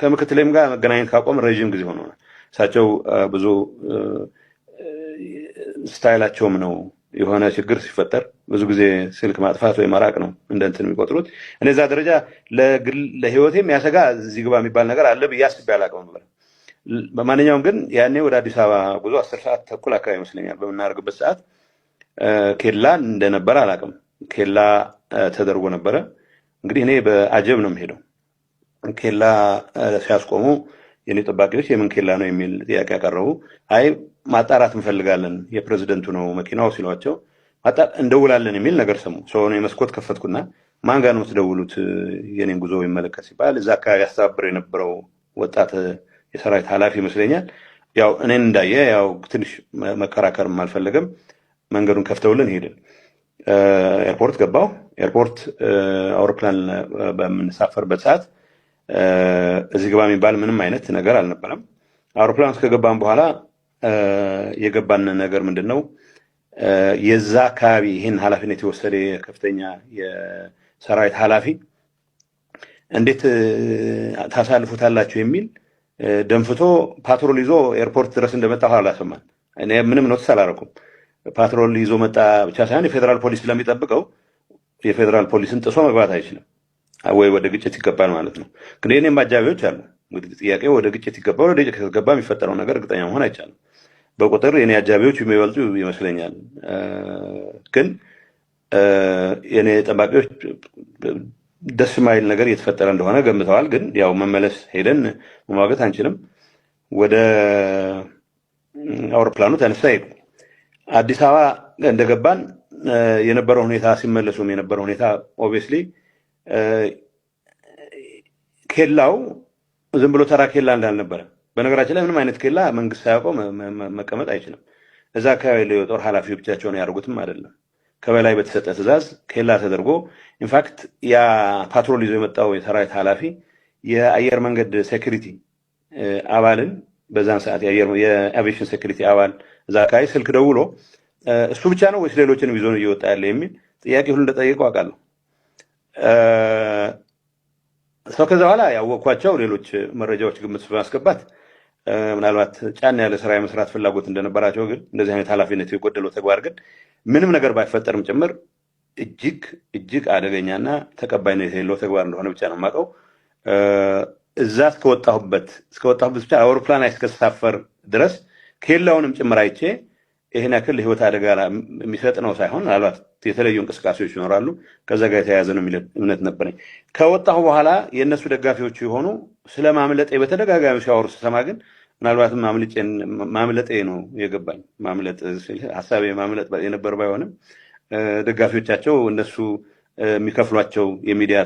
ከምክትልም ጋር መገናኘት ካቆም ረዥም ጊዜ ሆኖ እሳቸው ብዙ ስታይላቸውም ነው የሆነ ችግር ሲፈጠር ብዙ ጊዜ ስልክ ማጥፋት ወይ መራቅ ነው እንደ እንትን የሚቆጥሩት። እኔ እዛ ደረጃ ለህይወቴም ያሰጋ እዚህ ግባ የሚባል ነገር አለ ብዬ አስቤ አላውቅም ነበር። በማንኛውም ግን ያኔ ወደ አዲስ አበባ ጉዞ አስር ሰዓት ተኩል አካባቢ ይመስለኛል በምናደርግበት ሰዓት ኬላ እንደነበረ አላቅም። ኬላ ተደርጎ ነበረ። እንግዲህ እኔ በአጀብ ነው የምሄደው ኬላ ሲያስቆሙ የኔ ጠባቂዎች የምን ኬላ ነው የሚል ጥያቄ ያቀረቡ፣ አይ ማጣራት እንፈልጋለን የፕሬዚደንቱ ነው መኪናው ሲሏቸው እንደውላለን የሚል ነገር ሰሙ። ሰሆነ የመስኮት ከፈትኩና ማን ጋር ነው የምትደውሉት የኔን ጉዞ ይመለከት ሲባል እዛ አካባቢ ያስተባብር የነበረው ወጣት የሰራዊት ኃላፊ ይመስለኛል። ያው እኔን እንዳየ ያው ትንሽ መከራከርም አልፈለገም። መንገዱን ከፍተውልን ሄድን። ኤርፖርት ገባው። ኤርፖርት አውሮፕላን በምንሳፈርበት ሰዓት እዚህ ግባ የሚባል ምንም አይነት ነገር አልነበረም። አውሮፕላን ውስጥ ከገባን በኋላ የገባን ነገር ምንድን ነው? የዛ አካባቢ ይህን ኃላፊነት የወሰደ ከፍተኛ የሰራዊት ኃላፊ እንዴት ታሳልፉታላችሁ የሚል ደንፍቶ ፓትሮል ይዞ ኤርፖርት ድረስ እንደመጣ አላሰማን። ምንም ኖትስ አላረኩም። ፓትሮል ይዞ መጣ ብቻ ሳይሆን የፌዴራል ፖሊስ ስለሚጠብቀው የፌዴራል ፖሊስን ጥሶ መግባት አይችልም። ወይ ወደ ግጭት ይገባል ማለት ነው። ግን የእኔም አጃቢዎች አሉ። እንግዲህ ጥያቄ ወደ ግጭት ይገባል። ወደ ግጭት ከተገባ የሚፈጠረው ነገር እርግጠኛ መሆን አይቻልም። በቁጥር የኔ አጃቢዎች የሚበልጡ ይመስለኛል። ግን የኔ ጠባቂዎች ደስ ማይል ነገር እየተፈጠረ እንደሆነ ገምተዋል። ግን ያው መመለስ ሄደን መሟገት አንችልም። ወደ አውሮፕላኑ ተነሳ ሄዱ። አዲስ አበባ እንደገባን የነበረው ሁኔታ ሲመለሱም የነበረው ሁኔታ ኦብቪየስሊ ኬላው ዝም ብሎ ተራ ኬላ እንዳልነበረ በነገራችን ላይ ምንም አይነት ኬላ መንግስት ሳያውቀው መቀመጥ አይችልም። እዛ አካባቢ ላይ የጦር ኃላፊው ብቻቸውን ያደርጉትም አይደለም። ከበላይ በተሰጠ ትዕዛዝ ኬላ ተደርጎ ኢንፋክት ያ ፓትሮል ይዞ የመጣው የሰራዊት ኃላፊ የአየር መንገድ ሴኩሪቲ አባልን በዛን ሰዓት የአቪዬሽን ሴኩሪቲ አባል እዛ አካባቢ ስልክ ደውሎ እሱ ብቻ ነው ወይስ ሌሎችንም ይዞ እየወጣ ያለ የሚል ጥያቄ ሁሉ እንደጠየቀው አውቃለሁ። ሰው ከዛ በኋላ ያወቅኳቸው ሌሎች መረጃዎች ግምት በማስገባት ምናልባት ጫና ያለ ስራ የመስራት ፍላጎት እንደነበራቸው ግን እንደዚህ አይነት ኃላፊነት የጎደለው ተግባር ግን ምንም ነገር ባይፈጠርም ጭምር እጅግ እጅግ አደገኛና ተቀባይነት የሌለው ተግባር እንደሆነ ብቻ ነው የማውቀው። እዛ እስከወጣሁበት እስከወጣሁበት ብቻ አውሮፕላን ላይ እስከተሳፈር ድረስ ኬላውንም ጭምር አይቼ ይህን ያክል ህይወት አደጋ የሚሰጥ ነው ሳይሆን ምናልባት የተለዩ እንቅስቃሴዎች ይኖራሉ ከዛ ጋር የተያያዘ ነው የሚል እምነት ነበረኝ። ከወጣሁ በኋላ የእነሱ ደጋፊዎች የሆኑ ስለ ማምለጤ በተደጋጋሚ ሲያወሩ ስሰማ ግን ምናልባትም ማምለጤ ነው የገባኝ። ማምለጥ ሀሳቤ ማምለጥ የነበር ባይሆንም ደጋፊዎቻቸው እነሱ የሚከፍሏቸው የሚዲያ